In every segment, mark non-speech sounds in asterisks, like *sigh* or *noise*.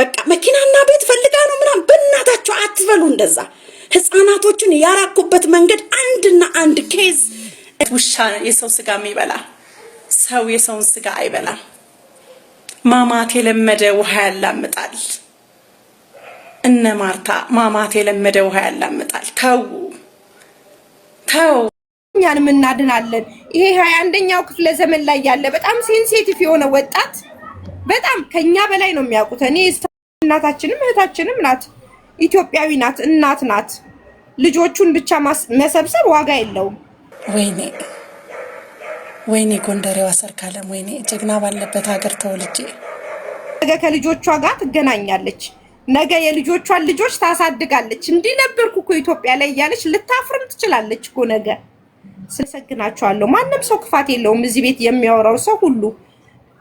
በቃ መኪናና ቤት ፈልጋ ነው ምናምን። በእናታቸው አትበሉ እንደዛ። ህፃናቶችን ያራኩበት መንገድ አንድና አንድ ኬዝ ውሻ የሰው ስጋ የሚበላ ሰው የሰውን ስጋ አይበላም። ማማት የለመደ ውሃ ያላምጣል። እነ ማርታ ማማት የለመደ ውሃ ያላምጣል። ተው ተው፣ እኛን እናድናለን። ይሄ ሀያ አንደኛው ክፍለ ዘመን ላይ ያለ በጣም ሴንሴቲቭ የሆነ ወጣት በጣም ከኛ በላይ ነው የሚያውቁት እኔ እናታችንም እህታችንም ናት፣ ኢትዮጵያዊ ናት፣ እናት ናት። ልጆቹን ብቻ መሰብሰብ ዋጋ የለውም። ወይኔ ወይኔ ጎንደሬዋ ሰርካለም፣ ወይኔ ጀግና ባለበት ሀገር ተወልጄ። ነገ ከልጆቿ ጋር ትገናኛለች፣ ነገ የልጆቿን ልጆች ታሳድጋለች። እንዲህ ነበርኩ እኮ ኢትዮጵያ ላይ እያለች ልታፍርም ትችላለች እኮ ነገ። ስለሰግናቸዋለሁ። ማንም ሰው ክፋት የለውም። እዚህ ቤት የሚያወራው ሰው ሁሉ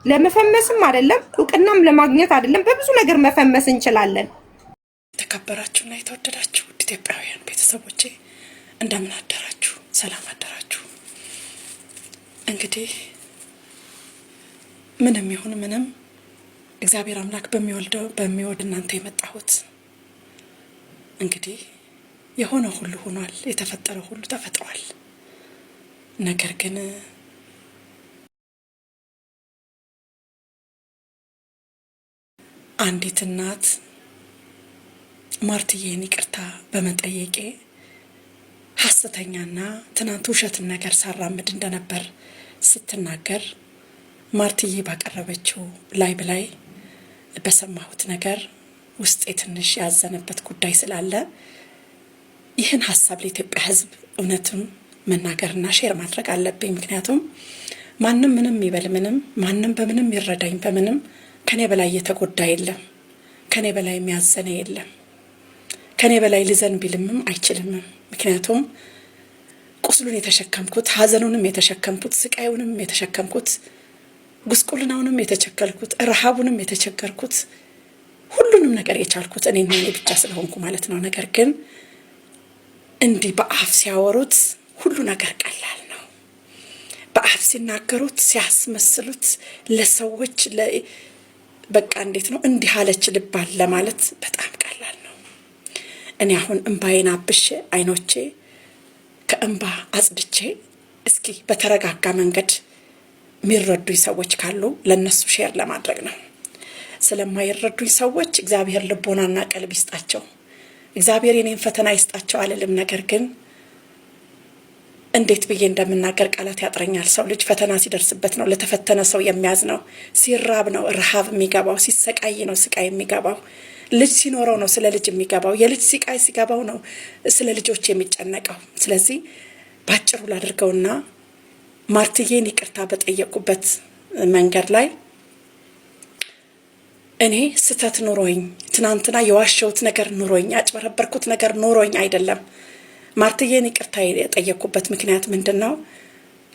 ለመፈመስም አይደለም እውቅናም ለማግኘት አይደለም። በብዙ ነገር መፈመስ እንችላለን። የተከበራችሁና የተወደዳችሁ ውድ ኢትዮጵያውያን ቤተሰቦቼ እንደምን አደራችሁ? ሰላም አደራችሁ። እንግዲህ ምንም ይሁን ምንም እግዚአብሔር አምላክ በሚወልደው በሚወድ እናንተ የመጣሁት እንግዲህ የሆነ ሁሉ ሆኗል። የተፈጠረ ሁሉ ተፈጥሯል። ነገር ግን አንዲት እናት ማርትዬን ይቅርታ በመጠየቄ ሐሰተኛና ትናንት ውሸትን ነገር ሳራምድ እንደነበር ስትናገር ማርትዬ ባቀረበችው ላይ ብላይ በሰማሁት ነገር ውስጤ ትንሽ ያዘነበት ጉዳይ ስላለ ይህን ሀሳብ ለኢትዮጵያ ሕዝብ መናገር መናገርና ሼር ማድረግ አለብኝ። ምክንያቱም ማንም ምንም ይበል ምንም፣ ማንም በምንም ይረዳኝ በምንም ከኔ በላይ የተጎዳ የለም። ከኔ በላይ የሚያዘነ የለም። ከኔ በላይ ልዘን ቢልምም አይችልምም። ምክንያቱም ቁስሉን የተሸከምኩት ሐዘኑንም የተሸከምኩት ስቃዩንም የተሸከምኩት ጉስቁልናውንም የተቸከልኩት ረሃቡንም የተቸገርኩት ሁሉንም ነገር የቻልኩት እኔ እኔ ብቻ ስለሆንኩ ማለት ነው። ነገር ግን እንዲህ በአፍ ሲያወሩት ሁሉ ነገር ቀላል ነው። በአፍ ሲናገሩት፣ ሲያስመስሉት ለሰዎች በቃ እንዴት ነው እንዲህ አለች ልባል ለማለት በጣም ቀላል ነው። እኔ አሁን እምባዬን አብሼ አይኖቼ ከእምባ አጽድቼ እስኪ በተረጋጋ መንገድ የሚረዱኝ ሰዎች ካሉ ለእነሱ ሼር ለማድረግ ነው። ስለማይረዱኝ ሰዎች እግዚአብሔር ልቦናና ቀልብ ይስጣቸው። እግዚአብሔር የኔን ፈተና ይስጣቸው አልልም፣ ነገር ግን እንዴት ብዬ እንደምናገር ቃላት ያጥረኛል። ሰው ልጅ ፈተና ሲደርስበት ነው ለተፈተነ ሰው የሚያዝ ነው። ሲራብ ነው ረሃብ የሚገባው፣ ሲሰቃይ ነው ስቃይ የሚገባው። ልጅ ሲኖረው ነው ስለ ልጅ የሚገባው። የልጅ ሲቃይ ሲገባው ነው ስለ ልጆች የሚጨነቀው። ስለዚህ ባጭሩ ላድርገውና ማርትዬን ይቅርታ በጠየቁበት መንገድ ላይ እኔ ስህተት ኑሮኝ ትናንትና የዋሸሁት ነገር ኑሮኝ ያጭበረበርኩት ነገር ኑሮኝ አይደለም ማርትዬን ይቅርታ የጠየኩበት ምክንያት ምንድን ነው?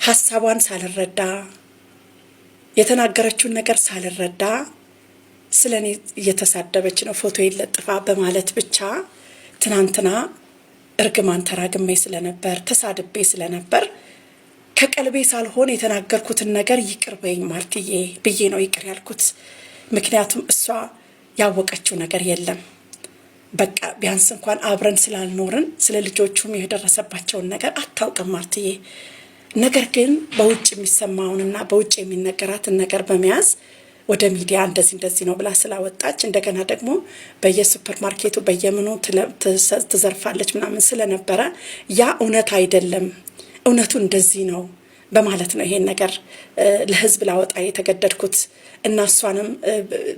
ሀሳቧን ሳልረዳ የተናገረችውን ነገር ሳልረዳ ስለ እኔ እየተሳደበች ነው ፎቶ ለጥፋ በማለት ብቻ ትናንትና እርግማን ተራግሜ ስለነበር ተሳድቤ ስለነበር ከቀልቤ ሳልሆን የተናገርኩትን ነገር ይቅር በይኝ ማርትዬ ብዬ ነው ይቅር ያልኩት። ምክንያቱም እሷ ያወቀችው ነገር የለም። በቃ ቢያንስ እንኳን አብረን ስላልኖርን ስለ ልጆቹም የደረሰባቸውን ነገር አታውቅም ማርትዬ። ነገር ግን በውጭ የሚሰማውንና በውጭ የሚነገራትን ነገር በመያዝ ወደ ሚዲያ እንደዚህ እንደዚህ ነው ብላ ስላወጣች እንደገና ደግሞ በየሱፐር ማርኬቱ በየምኑ ትዘርፋለች ምናምን ስለነበረ ያ እውነት አይደለም፣ እውነቱ እንደዚህ ነው በማለት ነው ይሄን ነገር ለህዝብ ላወጣ የተገደድኩት እና እሷንም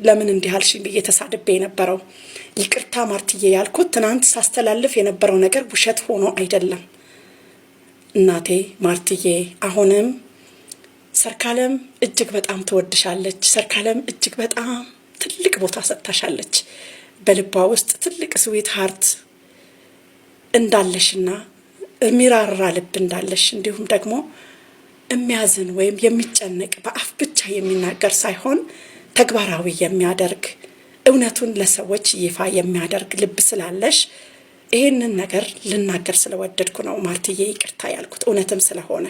ለምን እንዲህ አልሽኝ ብዬ ተሳድቤ የነበረው ይቅርታ ማርትዬ ያልኩት ትናንት ሳስተላልፍ የነበረው ነገር ውሸት ሆኖ አይደለም። እናቴ ማርትዬ አሁንም ሰርካለም እጅግ በጣም ትወድሻለች። ሰርካለም እጅግ በጣም ትልቅ ቦታ ሰጥታሻለች። በልቧ ውስጥ ትልቅ ስዊት ሀርት እንዳለሽና የሚራራ ልብ እንዳለሽ እንዲሁም ደግሞ የሚያዝን ወይም የሚጨነቅ በአፍ ብቻ የሚናገር ሳይሆን ተግባራዊ የሚያደርግ እውነቱን ለሰዎች ይፋ የሚያደርግ ልብ ስላለሽ ይህንን ነገር ልናገር ስለወደድኩ ነው ማርትዬ፣ ይቅርታ ያልኩት እውነትም ስለሆነ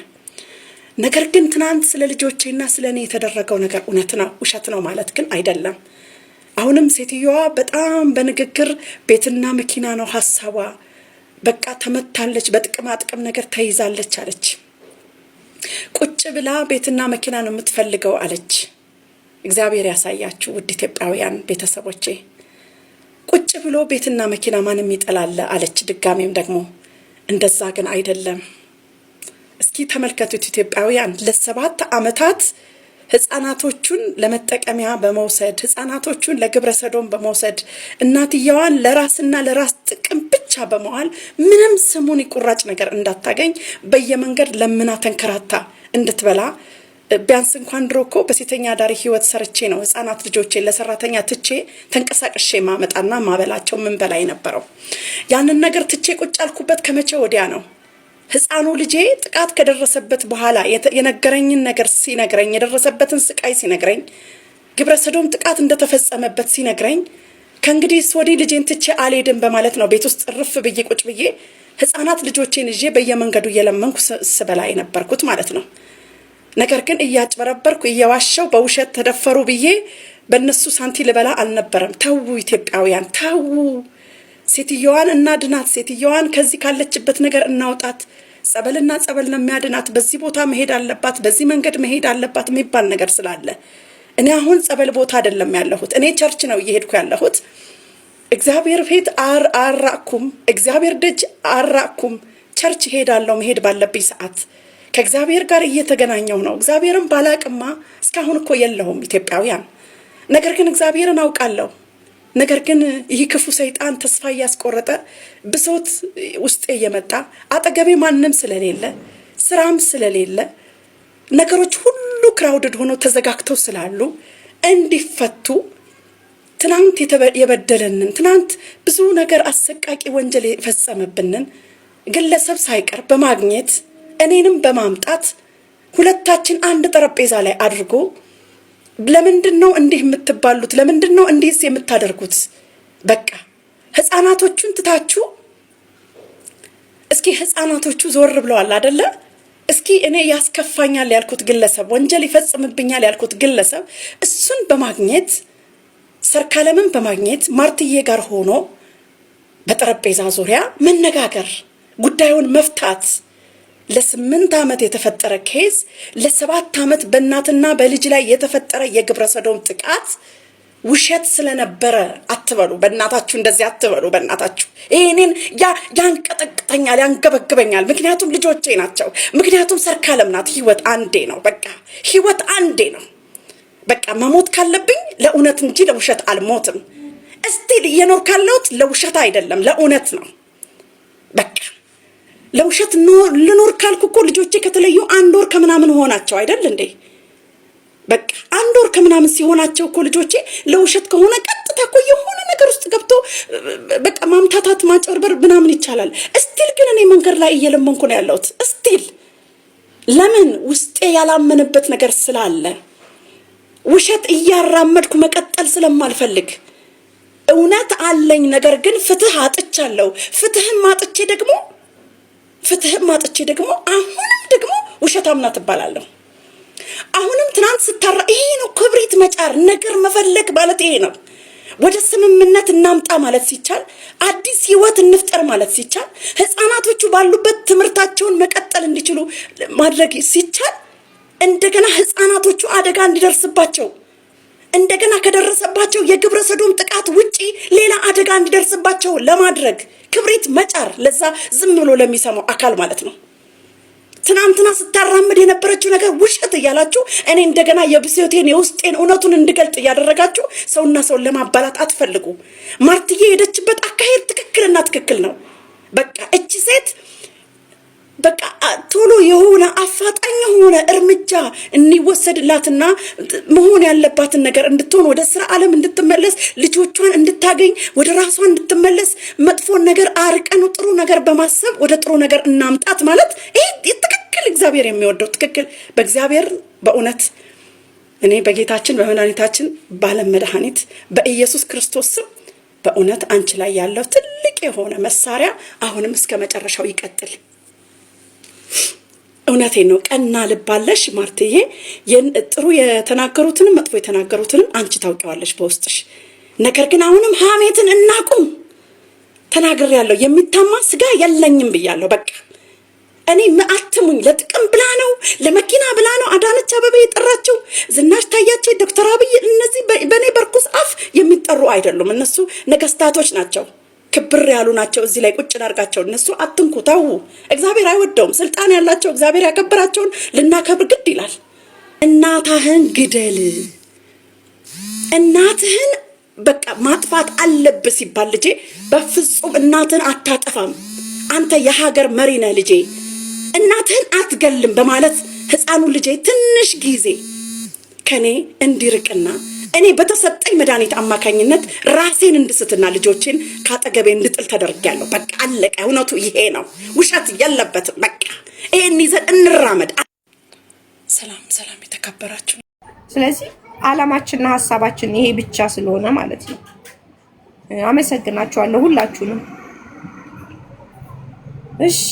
ነገር ግን ትናንት ስለ ልጆቼና ስለ እኔ የተደረገው ነገር እውነት ነው ውሸት ነው ማለት ግን አይደለም። አሁንም ሴትዮዋ በጣም በንግግር ቤትና መኪና ነው ሀሳቧ። በቃ ተመታለች፣ በጥቅማጥቅም ነገር ተይዛለች አለች። ቁጭ ብላ ቤትና መኪና ነው የምትፈልገው አለች። እግዚአብሔር ያሳያችሁ ውድ ኢትዮጵያውያን ቤተሰቦቼ። ቁጭ ብሎ ቤትና መኪና ማንም ይጠላል አለች። ድጋሜም ደግሞ እንደዛ ግን አይደለም። እስኪ ተመልከቱት ኢትዮጵያውያን ለሰባት ዓመታት ህጻናቶቹን ለመጠቀሚያ በመውሰድ ህጻናቶቹን ለግብረ ሰዶም በመውሰድ እናትየዋን ለራስና ለራስ ጥቅም ብቻ በመዋል ምንም ስሙን ይቁራጭ ነገር እንዳታገኝ በየመንገድ ለምና ተንከራታ እንድትበላ ቢያንስ እንኳን ድሮ እኮ በሴተኛ አዳሪ ህይወት ሰርቼ ነው ህጻናት ልጆቼ ለሰራተኛ ትቼ ተንቀሳቅሼ ማመጣና ማበላቸው ምን በላይ ነበረው። ያንን ነገር ትቼ ቁጭ ያልኩበት ከመቼ ወዲያ ነው? ህፃኑ ልጄ ጥቃት ከደረሰበት በኋላ የነገረኝን ነገር ሲነግረኝ የደረሰበትን ስቃይ ሲነግረኝ ግብረ ሰዶም ጥቃት እንደተፈጸመበት ሲነግረኝ ከእንግዲህ ወዲህ ልጄን ትቼ አልሄድም በማለት ነው ቤት ውስጥ ርፍ ብዬ ቁጭ ብዬ ህፃናት ልጆቼን ይዤ በየመንገዱ እየለመንኩ ስበላ የነበርኩት ማለት ነው። ነገር ግን እያጭበረበርኩ እየዋሸው በውሸት ተደፈሩ ብዬ በእነሱ ሳንቲ ልበላ አልነበረም። ተዉ ኢትዮጵያውያን ተዉ። ሴትየዋን እናድናት፣ ሴትየዋን ከዚህ ካለችበት ነገር እናውጣት። ጸበልና ጸበል ነው የሚያድናት። በዚህ ቦታ መሄድ አለባት፣ በዚህ መንገድ መሄድ አለባት የሚባል ነገር ስላለ እኔ አሁን ጸበል ቦታ አይደለም ያለሁት። እኔ ቸርች ነው እየሄድኩ ያለሁት። እግዚአብሔር አር አራኩም፣ እግዚአብሔር ደጅ አራኩም። ቸርች እሄዳለሁ መሄድ ባለብኝ ሰዓት ከእግዚአብሔር ጋር እየተገናኘው ነው። እግዚአብሔርን ባላቅማ እስካሁን እኮ የለሁም ኢትዮጵያውያን። ነገር ግን እግዚአብሔርን አውቃለሁ። ነገር ግን ይህ ክፉ ሰይጣን ተስፋ እያስቆረጠ ብሶት ውስጤ እየመጣ አጠገቤ ማንም ስለሌለ ስራም ስለሌለ ነገሮች ሁሉ ክራውድድ ሆነው ተዘጋግተው ስላሉ እንዲፈቱ ትናንት የበደለንን ትናንት ብዙ ነገር አሰቃቂ ወንጀል የፈጸመብንን ግለሰብ ሳይቀር በማግኘት እኔንም በማምጣት ሁለታችን አንድ ጠረጴዛ ላይ አድርጎ ለምንድን ነው እንዲህ የምትባሉት? ለምንድን ነው እንዲህስ የምታደርጉት? በቃ ህፃናቶቹን ትታችሁ እስኪ ህፃናቶቹ ዞር ብለዋል አደለ? እስኪ እኔ ያስከፋኛል ያልኩት ግለሰብ፣ ወንጀል ይፈጽምብኛል ያልኩት ግለሰብ እሱን በማግኘት ሰርካለምን በማግኘት ማርትዬ ጋር ሆኖ በጠረጴዛ ዙሪያ መነጋገር ጉዳዩን መፍታት ለስምንት ዓመት የተፈጠረ ኬዝ ለሰባት ዓመት በእናትና በልጅ ላይ የተፈጠረ የግብረ ሰዶም ጥቃት ውሸት ስለነበረ አትበሉ። በእናታችሁ እንደዚህ አትበሉ። በእናታችሁ ይህኔን ያንቀጠቅጠኛል፣ ያንገበግበኛል። ምክንያቱም ልጆቼ ናቸው። ምክንያቱም ሰርካለም ናት። ህይወት አንዴ ነው። በቃ ህይወት አንዴ ነው። በቃ መሞት ካለብኝ ለእውነት እንጂ ለውሸት አልሞትም። እስቲል እየኖር ካለሁት ለውሸት አይደለም ለእውነት ነው። በቃ ለውሸት ልኖር ካልኩ እኮ ልጆቼ ከተለዩ አንድ ወር ከምናምን ሆናቸው አይደል እንዴ? በቃ አንድ ወር ከምናምን ሲሆናቸው እኮ ልጆቼ ለውሸት ከሆነ ቀጥታ እኮ የሆነ ነገር ውስጥ ገብቶ በቃ ማምታታት፣ ማጨርበር ምናምን ይቻላል። እስቲል ግን እኔ መንገድ ላይ እየለመንኩ ነው ያለሁት። እስቲል ለምን ውስጤ ያላመነበት ነገር ስላለ ውሸት እያራመድኩ መቀጠል ስለማልፈልግ እውነት አለኝ፣ ነገር ግን ፍትህ አጥቻለሁ። ፍትህም አጥቼ ደግሞ ፍትህ ማጥቼ ደግሞ አሁንም ደግሞ ውሸታምና ትባላለሁ። አሁንም ትናንት ስታራ ይሄ ነው ክብሪት መጫር፣ ነገር መፈለግ ማለት ይሄ ነው። ወደ ስምምነት እናምጣ ማለት ሲቻል፣ አዲስ ህይወት እንፍጠር ማለት ሲቻል፣ ህፃናቶቹ ባሉበት ትምህርታቸውን መቀጠል እንዲችሉ ማድረግ ሲቻል፣ እንደገና ህፃናቶቹ አደጋ እንዲደርስባቸው እንደገና ከደረሰባቸው የግብረ ሰዶም ጥቃት ውጪ ሌላ አደጋ እንዲደርስባቸው ለማድረግ ክብሪት መጫር ለዛ ዝም ብሎ ለሚሰማው አካል ማለት ነው። ትናንትና ስታራምድ የነበረችው ነገር ውሸት እያላችሁ እኔ እንደገና የብሶቴን የውስጤን እውነቱን እንድገልጥ እያደረጋችሁ ሰውና ሰውን ለማባላት አትፈልጉ። ማርትዬ የሄደችበት አካሄድ ትክክልና ትክክል ነው። በቃ እቺ ሴት በቃ ቶሎ የሆነ አፋጣ የሆነ እርምጃ እንዲወሰድላትና መሆን ያለባትን ነገር እንድትሆን ወደ ስራ ዓለም እንድትመለስ ልጆቿን እንድታገኝ ወደ ራሷ እንድትመለስ መጥፎን ነገር አርቀን ጥሩ ነገር በማሰብ ወደ ጥሩ ነገር እናምጣት ማለት ይህ ትክክል እግዚአብሔር የሚወደው ትክክል በእግዚአብሔር በእውነት እኔ በጌታችን በመድኃኒታችን ባለም መድኃኒት በኢየሱስ ክርስቶስ ስም በእውነት አንቺ ላይ ያለው ትልቅ የሆነ መሳሪያ አሁንም እስከ መጨረሻው ይቀጥል። እውነቴን ነው። ቀና ልባለሽ ማርትዬ። ጥሩ የተናገሩትንም መጥፎ የተናገሩትንም አንቺ ታውቂዋለሽ በውስጥሽ። ነገር ግን አሁንም ሀሜትን እናቁም። ተናግሬያለሁ። የሚታማ ስጋ የለኝም ብያለሁ። በቃ እኔ አትሙኝ። ለጥቅም ብላ ነው፣ ለመኪና ብላ ነው አዳነች አበበ የጠራቸው ዝናሽ ታያቸው፣ ዶክተር አብይ እነዚህ በእኔ በርኩስ አፍ የሚጠሩ አይደሉም። እነሱ ነገስታቶች ናቸው። ክብር ያሉ ናቸው። እዚህ ላይ ቁጭ ላርጋቸው። እነሱ አትንኩ፣ ተዉ። እግዚአብሔር አይወደውም። ስልጣን ያላቸው እግዚአብሔር ያከበራቸውን ልናከብር ግድ ይላል። እናትህን ግደል፣ እናትህን በቃ ማጥፋት አለብህ ሲባል ልጄ በፍጹም እናትህን አታጠፋም፣ አንተ የሀገር መሪ ነህ ልጄ፣ እናትህን አትገልም በማለት ህፃኑ ልጄ ትንሽ ጊዜ ከኔ እንዲርቅና እኔ በተሰጠኝ መድኃኒት አማካኝነት ራሴን እንድስትና ልጆቼን ከአጠገቤ እንድጥል ተደርጊያለሁ። በቃ አለቀ። እውነቱ ይሄ ነው፣ ውሸት የለበትም። በቃ ይሄን ይዘን እንራመድ። ሰላም ሰላም፣ የተከበራችሁ ስለዚህ አላማችንና ሀሳባችን ይሄ ብቻ ስለሆነ ማለት ነው። አመሰግናችኋለሁ ሁላችሁንም። እሺ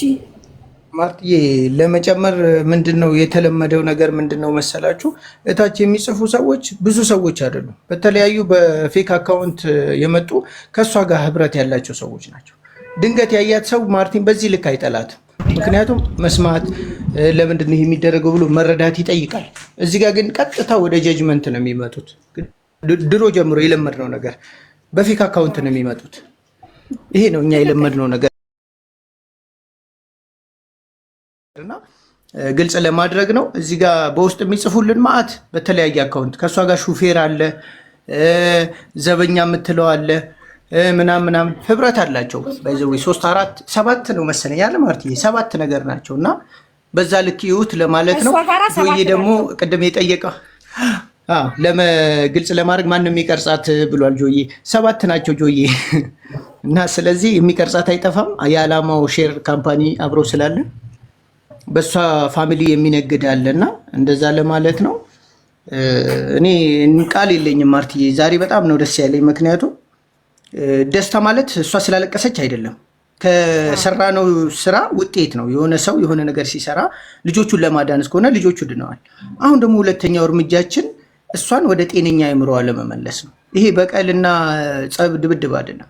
ማርትዬ ለመጨመር ምንድን ነው የተለመደው ነገር ምንድን ነው መሰላችሁ? እታች የሚጽፉ ሰዎች ብዙ ሰዎች አይደሉም። በተለያዩ በፌክ አካውንት የመጡ ከእሷ ጋር ህብረት ያላቸው ሰዎች ናቸው። ድንገት ያያት ሰው ማርቲን በዚህ ልክ አይጠላትም። ምክንያቱም መስማት ለምንድን ነው የሚደረገው ብሎ መረዳት ይጠይቃል። እዚህ ጋር ግን ቀጥታ ወደ ጀጅመንት ነው የሚመጡት። ድሮ ጀምሮ የለመድነው ነገር በፌክ አካውንት ነው የሚመጡት። ይሄ ነው እኛ የለመድነው ነገር። ግልጽ ለማድረግ ነው። እዚህ ጋር በውስጥ የሚጽፉልን ማአት በተለያየ አካውንት ከእሷ ጋር ሹፌር አለ፣ ዘበኛ የምትለው አለ ምናም ምናምን ህብረት አላቸው። ይዘ ሶስት አራት ሰባት ነው መሰለኝ ያለ ማለት ሰባት ነገር ናቸው እና በዛ ልክ ይሁት ለማለት ነው። ይህ ደግሞ ቅድም የጠየቀ ለግልጽ ለማድረግ ማን የሚቀርጻት ብሏል ጆዬ። ሰባት ናቸው ጆዬ እና ስለዚህ የሚቀርጻት አይጠፋም። የዓላማው ሼር ካምፓኒ አብረው ስላለን በእሷ ፋሚሊ የሚነግድ አለና እንደዛ ለማለት ነው። እኔ ቃል የለኝም ማርትዬ፣ ዛሬ በጣም ነው ደስ ያለኝ። ምክንያቱም ደስታ ማለት እሷ ስላለቀሰች አይደለም ከሰራነው ስራ ውጤት ነው። የሆነ ሰው የሆነ ነገር ሲሰራ ልጆቹን ለማዳን እስከሆነ ልጆቹ ድነዋል። አሁን ደግሞ ሁለተኛው እርምጃችን እሷን ወደ ጤነኛ አእምሮዋ ለመመለስ ነው። ይሄ በቀልና ጸብ ድብድብ አይደለም።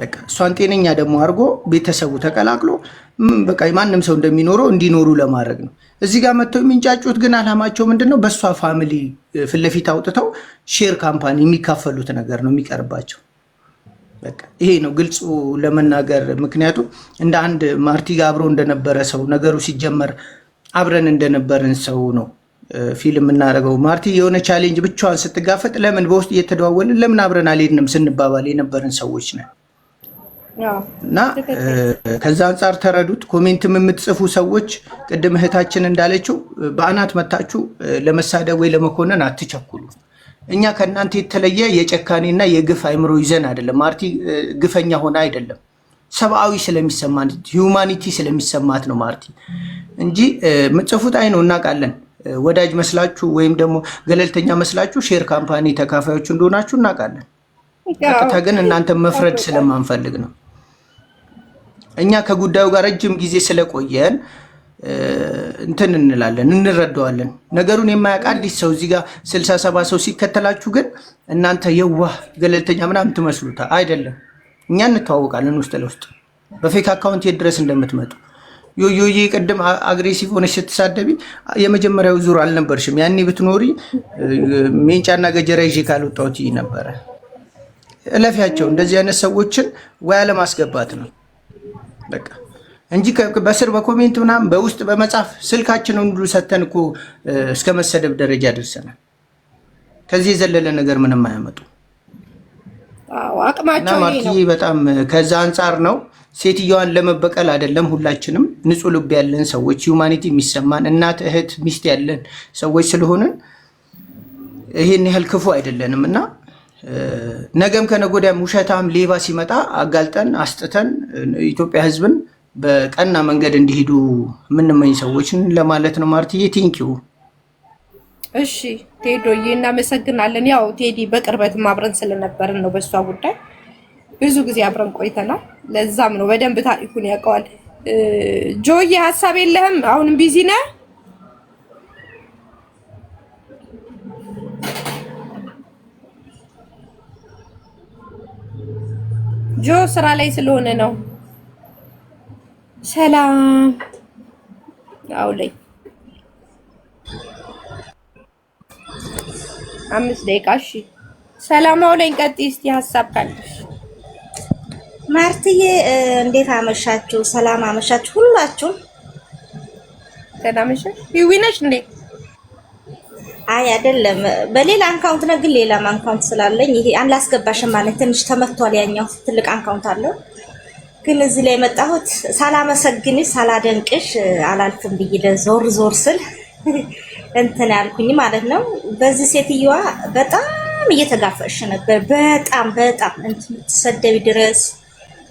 በቃ እሷን ጤነኛ ደግሞ አድርጎ ቤተሰቡ ተቀላቅሎ በቃ ማንም ሰው እንደሚኖረው እንዲኖሩ ለማድረግ ነው። እዚህ ጋር መጥተው የሚንጫጩት ግን አላማቸው ምንድን ነው? በእሷ ፋሚሊ ፊት ለፊት አውጥተው ሼር ካምፓኒ የሚካፈሉት ነገር ነው የሚቀርባቸው። ይሄ ነው ግልጹ ለመናገር ምክንያቱም እንደ አንድ ማርቲ አብሮ እንደነበረ ሰው ነገሩ ሲጀመር አብረን እንደነበረን ሰው ነው ፊልም እናደርገው። ማርቲ የሆነ ቻሌንጅ ብቻዋን ስትጋፈጥ ለምን በውስጥ እየተደዋወልን ለምን አብረን አልሄድንም ስንባባል የነበርን ሰዎች ነን። እና ከዛ አንጻር ተረዱት። ኮሜንትም የምትጽፉ ሰዎች ቅድም እህታችን እንዳለችው በአናት መታችሁ ለመሳደብ ወይ ለመኮነን አትቸኩሉ። እኛ ከእናንተ የተለየ የጨካኔና የግፍ አይምሮ ይዘን አይደለም። ማርቲ ግፈኛ ሆነ አይደለም፣ ሰብአዊ ስለሚሰማት ሂውማኒቲ ስለሚሰማት ነው ማርቲ እንጂ ምጽፉት አይ ነው እናውቃለን። ወዳጅ መስላችሁ ወይም ደግሞ ገለልተኛ መስላችሁ ሼር ካምፓኒ ተካፋዮች እንደሆናችሁ እናውቃለን። ቀጥታ ግን እናንተ መፍረድ ስለማንፈልግ ነው። እኛ ከጉዳዩ ጋር ረጅም ጊዜ ስለቆየን እንትን እንላለን እንረዳዋለን። ነገሩን የማያውቅ አዲስ ሰው እዚህ ጋር ስልሳ ሰባ ሰው ሲከተላችሁ ግን እናንተ የዋህ ገለልተኛ ምናምን ትመስሉታ አይደለም። እኛ እንተዋወቃለን ውስጥ ለውስጥ በፌክ አካውንት የት ድረስ እንደምትመጡ ዮዮዬ ቅድም አግሬሲቭ ሆነች ስትሳደቢ የመጀመሪያው ዙር አልነበርሽም። ያኔ ብትኖሪ ሜንጫና ገጀራ ይዤ ካልወጣሁት ነበረ። እለፊያቸው እንደዚህ አይነት ሰዎችን ወያ ለማስገባት ነው። በቃ እንጂ በስር በኮሜንት ምናምን በውስጥ በመጻፍ ስልካችንን ሁሉ ሰተን እኮ እስከ መሰደብ ደረጃ ደርሰናል። ከዚህ የዘለለ ነገር ምንም አያመጡ አቅማቸው በጣም ከዛ አንጻር ነው። ሴትዮዋን ለመበቀል አይደለም። ሁላችንም ንጹህ ልብ ያለን ሰዎች ሂውማኒቲ የሚሰማን እናት፣ እህት፣ ሚስት ያለን ሰዎች ስለሆንን ይህን ያህል ክፉ አይደለንም እና ነገም ከነጎዳም ውሸታም ሌባ ሲመጣ አጋልጠን አስጥተን ኢትዮጵያ ህዝብን በቀና መንገድ እንዲሄዱ የምንመኝ ሰዎችን ለማለት ነው። ማርትዬ ቴንኪው። እሺ ቴዶዬ እናመሰግናለን። ያው ቴዲ በቅርበትም አብረን ስለነበርን ነው በእሷ ጉዳይ ብዙ ጊዜ አብረን ቆይተናል። ለዛም ነው በደንብ ታሪኩን ያውቀዋል። ጆዬ ሀሳብ የለህም? አሁንም ቢዚ ነህ? ጆ ስራ ላይ ስለሆነ ነው። ሰላም አውለኝ። አምስት ደቂቃ እሺ። ሰላም አውለኝ። ቀጥይ እስቲ ሀሳብ ካለሽ ማርትዬ። እንዴት አመሻችሁ? ሰላም አመሻችሁ ሁላችሁም። ደህና አመሻችሁ። ይዊነሽ እንዴት አይ አይደለም፣ በሌላ አንካውንት ነው። ግን ሌላም አንካውንት ስላለኝ ይሄ አንድ ላስገባሽም ማለት ትንሽ ተመቷል። ያኛው ትልቅ አንካውንት አለው። ግን እዚህ ላይ የመጣሁት ሳላመሰግንሽ ሳላደንቅሽ አላልፍም ብዬ ለዞር ዞር ስል *laughs* እንትን ያልኩኝ ማለት ነው። በዚህ ሴትዮዋ በጣም እየተጋፈሽ ነበር። በጣም በጣም ትሰደቢ ድረስ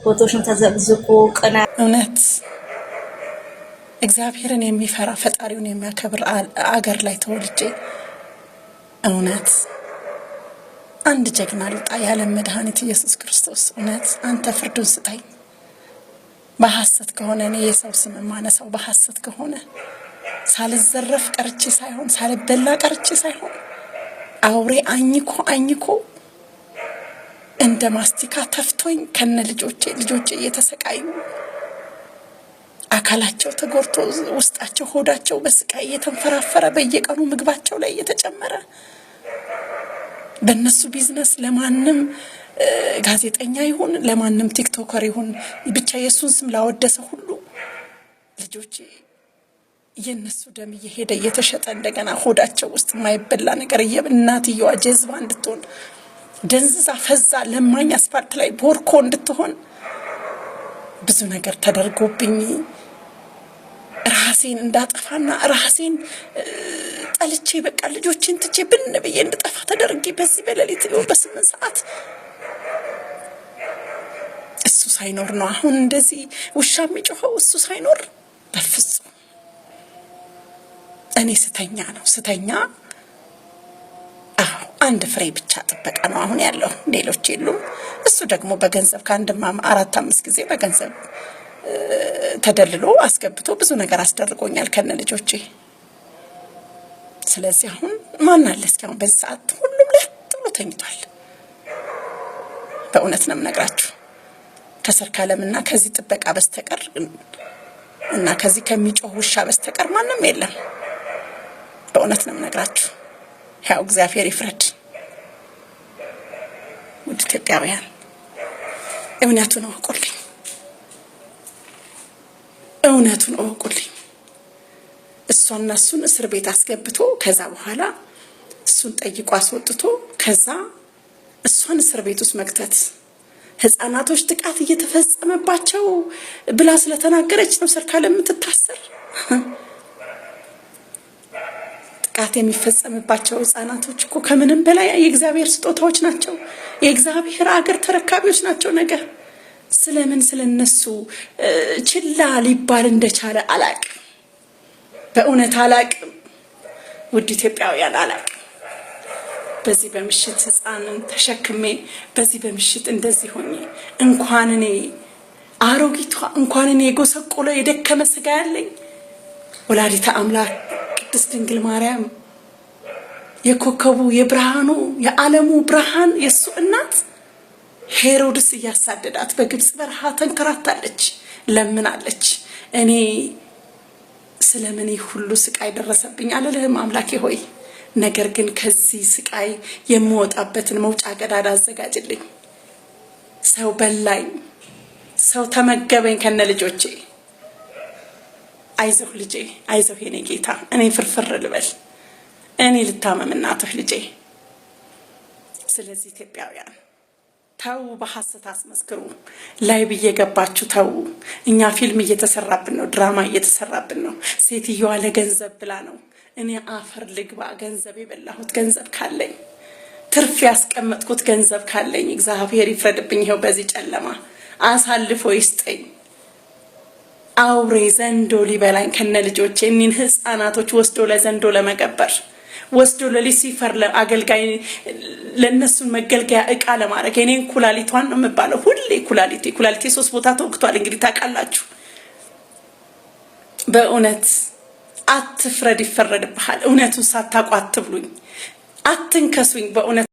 ፎቶሽን ተዘብዝቁ ቅና እውነት እግዚአብሔርን የሚፈራ ፈጣሪውን የሚያከብር አገር ላይ ተወልጄ እውነት አንድ ጀግና ልጣ ያለ መድኃኒት ኢየሱስ ክርስቶስ እውነት አንተ ፍርዱን ስጠኝ። በሐሰት ከሆነ እኔ የሰው ስም ማነሳው በሐሰት ከሆነ ሳልዘረፍ ቀርቼ ሳይሆን ሳልበላ ቀርቼ ሳይሆን አውሬ አኝኮ አኝኮ እንደ ማስቲካ ተፍቶኝ ከነ ልጆቼ ልጆቼ እየተሰቃዩ አካላቸው ተጎድቶ ውስጣቸው ሆዳቸው በስቃይ እየተንፈራፈረ በየቀኑ ምግባቸው ላይ እየተጨመረ በእነሱ ቢዝነስ ለማንም ጋዜጠኛ ይሁን ለማንም ቲክቶከር ይሁን ብቻ የእሱን ስም ላወደሰ ሁሉ ልጆች የእነሱ ደም እየሄደ እየተሸጠ እንደገና ሆዳቸው ውስጥ የማይበላ ነገር እናትየዋ ጀዝባ እንድትሆን ደንዝዛ ፈዛ ለማኝ አስፋልት ላይ ቦርኮ እንድትሆን ብዙ ነገር ተደርጎብኝ ራሴን እንዳጠፋና ራሴን ጠልቼ በቃ ልጆችን ትቼ ብን ብዬ እንድጠፋ ተደርጌ በዚህ በሌሊት በስምንት ሰዓት እሱ ሳይኖር ነው አሁን እንደዚህ ውሻ የሚጮኸው። እሱ ሳይኖር በፍጹም እኔ ስተኛ ነው ስተኛ። አንድ ፍሬ ብቻ ጥበቃ ነው አሁን ያለው፣ ሌሎች የሉም። እሱ ደግሞ በገንዘብ ከአንድ አራት አምስት ጊዜ በገንዘብ ተደልሎ አስገብቶ ብዙ ነገር አስደርጎኛል ከነ ልጆቼ። ስለዚህ አሁን ማን አለ እስኪ? አሁን በዚህ ሰዓት ሁሉም ለጥ ብሎ ተኝቷል። በእውነት ነው የምነግራችሁ ከሰርካለም እና ከዚህ ጥበቃ በስተቀር እና ከዚህ ከሚጮህ ውሻ በስተቀር ማንም የለም። በእውነት ነው የምነግራችሁ። ያው እግዚአብሔር ይፍረድ ውድ ኢትዮጵያውያን፣ እውነቱን አውቁልኝ። እውነቱን እወቁልኝ። እሷና እሱን እስር ቤት አስገብቶ ከዛ በኋላ እሱን ጠይቆ አስወጥቶ ከዛ እሷን እስር ቤት ውስጥ መክተት ህፃናቶች ጥቃት እየተፈጸመባቸው ብላ ስለተናገረች ነው ሰርካለም የምትታሰር። ጥቃት የሚፈጸምባቸው ህፃናቶች እኮ ከምንም በላይ የእግዚአብሔር ስጦታዎች ናቸው። የእግዚአብሔር አገር ተረካቢዎች ናቸው ነገር ስለምን ስለነሱ ችላ ሊባል እንደቻለ አላቅም። በእውነት አላቅም። ውድ ኢትዮጵያውያን አላቅም። በዚህ በምሽት ህፃን ተሸክሜ በዚህ በምሽት እንደዚህ ሆኜ እንኳን እኔ አሮጊቷ እንኳን እኔ የጎሰቆለ የደከመ ስጋ ያለኝ ወላዲታ አምላክ ቅድስት ድንግል ማርያም የኮከቡ የብርሃኑ የዓለሙ ብርሃን የእሱ እናት ሄሮድስ እያሳደዳት በግብፅ በረሃ ተንከራታለች፣ ለምናለች። እኔ ስለምን ሁሉ ስቃይ ደረሰብኝ አልልህም አምላኬ ሆይ፣ ነገር ግን ከዚህ ስቃይ የምወጣበትን መውጫ ቀዳዳ አዘጋጅልኝ። ሰው በላኝ፣ ሰው ተመገበኝ ከነ ልጆቼ። አይዞህ ልጄ፣ አይዞህ የኔ ጌታ፣ እኔ ፍርፍር ልበል፣ እኔ ልታመም እናትህ ልጄ። ስለዚህ ኢትዮጵያውያን ተው፣ በሐሰት አስመስክሩ። ላይብ እየገባችሁ ተው። እኛ ፊልም እየተሰራብን ነው፣ ድራማ እየተሰራብን ነው። ሴትየዋ ለገንዘብ ብላ ነው። እኔ አፈር ልግባ ገንዘብ የበላሁት ገንዘብ ካለኝ ትርፍ ያስቀመጥኩት ገንዘብ ካለኝ እግዚአብሔር ይፍረድብኝ። ይኸው በዚህ ጨለማ አሳልፎ ይስጠኝ። አውሬ ዘንዶ ሊበላኝ ከነ ልጆቼ እኒን ህፃናቶች ወስዶ ለዘንዶ ለመቀበር ወስዶ ለሊሲፈር አገልጋይ ለእነሱን መገልገያ እቃ ለማድረግ የኔን ኩላሊቷን ነው የምባለው። ሁሌ ኩላሊቴ ኩላሊቴ ሶስት ቦታ ተወግቷል። እንግዲህ ታውቃላችሁ። በእውነት አትፍረድ፣ ይፈረድብሃል። እውነቱን ሳታውቁ አትብሉኝ፣ አትንከሱኝ በእውነት